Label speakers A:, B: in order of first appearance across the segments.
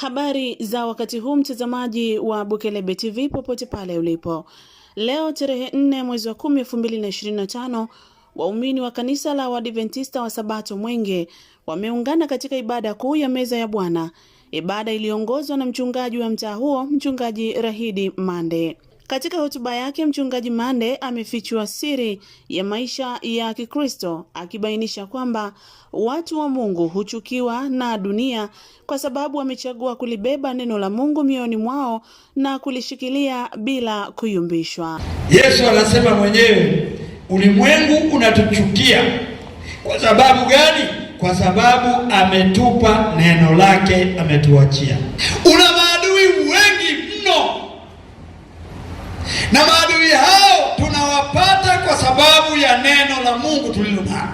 A: Habari za wakati huu mtazamaji wa Bukelebe TV popote pale ulipo. Leo tarehe nne mwezi wa 10 2025, waumini wa kanisa la Waadventista wa Sabato Mwenge wameungana katika ibada kuu ya meza ya Bwana, ibada iliyoongozwa na mchungaji wa mtaa huo, Mchungaji Rahidi Mande. Katika hotuba yake, mchungaji Mande amefichua siri ya maisha ya Kikristo akibainisha kwamba watu wa Mungu huchukiwa na dunia kwa sababu wamechagua kulibeba neno la Mungu mioyoni mwao na kulishikilia bila kuyumbishwa.
B: Yesu anasema mwenyewe, ulimwengu unatuchukia kwa sababu gani? Kwa sababu ametupa neno lake, ametuachia na maadui hao tunawapata kwa sababu ya neno la Mungu tulilo nalo.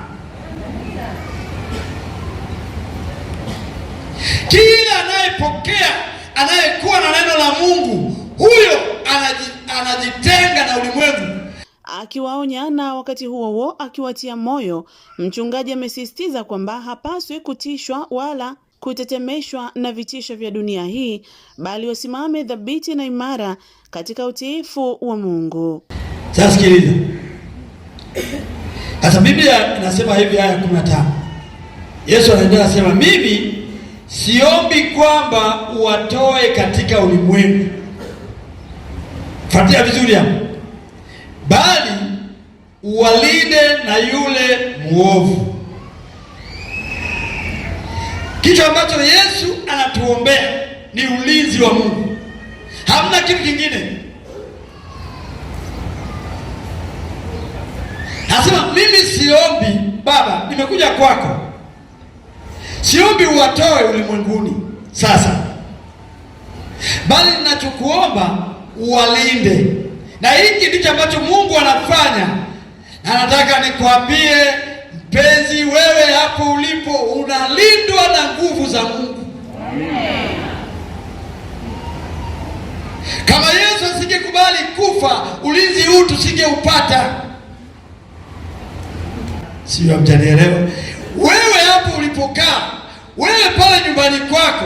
B: Kila anayepokea anayekuwa na neno la Mungu huyo anajitenga na ulimwengu.
A: Akiwaonya na wakati huo huo akiwatia moyo, mchungaji amesisitiza kwamba hapaswi kutishwa wala kutetemeshwa na vitisho vya dunia hii, bali wasimame dhabiti na imara katika utiifu wa Mungu.
B: Sasa sikiliza, sasa Biblia inasema hivi, aya 15, Yesu anaendelea anasema, mimi siombi kwamba uwatoe katika ulimwengu, fuatia vizuri hapo, bali uwalinde na yule mwovu kitu ambacho Yesu anatuombea ni ulinzi wa Mungu, hamna kitu kingine. Nasema mimi siombi Baba, nimekuja kwako, siombi uwatoe ulimwenguni sasa, bali ninachokuomba uwalinde. Na hiki ndicho ambacho Mungu anafanya, anataka nikwambie mpenzi, wewe Usingekubali kufa, ulinzi huu tusingeupata. Sio, hamjanielewa? Wewe hapo ulipokaa, wewe pale nyumbani kwako,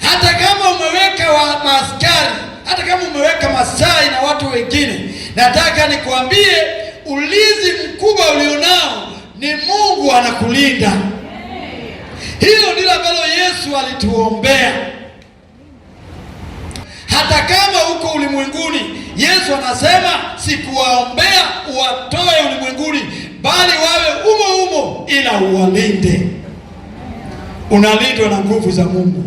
B: hata kama umeweka wa maaskari, hata kama umeweka Masai na watu wengine, nataka nikuambie ulinzi mkubwa ulionao ni Mungu anakulinda. Hilo ndilo ambalo Yesu alituombea hata kama Yesu anasema sikuwaombea uwatoe ulimwenguni, bali wawe umo umo, ila uwalinde. Unalindwa na nguvu za Mungu.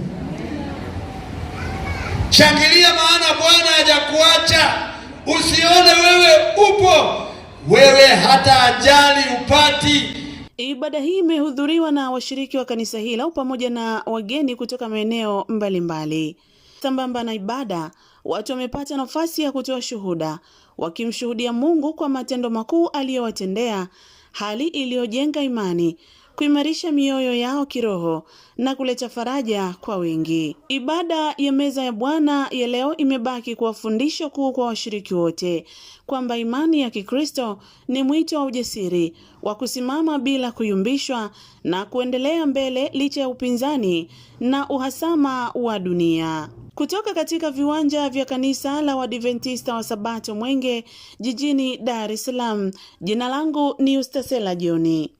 B: Shangilia, maana Bwana hajakuacha. Usione wewe upo wewe, hata ajali upati.
A: Ibada hii imehudhuriwa na washiriki wa kanisa hilo pamoja na wageni kutoka maeneo mbalimbali. Sambamba na ibada, watu wamepata nafasi ya kutoa shuhuda, wakimshuhudia Mungu kwa matendo makuu aliyowatendea, hali iliyojenga imani kuimarisha mioyo yao kiroho na kuleta faraja kwa wengi. Ibada ya meza ya Bwana ya leo imebaki kuwa fundisho kuu kwa washiriki wote kwamba imani ya Kikristo ni mwito wa ujasiri wa kusimama bila kuyumbishwa na kuendelea mbele licha ya upinzani na uhasama wa dunia. Kutoka katika viwanja vya kanisa la Wadventista wa Sabato Mwenge jijini Dar es Salaam, jina langu ni Ustasela Joni.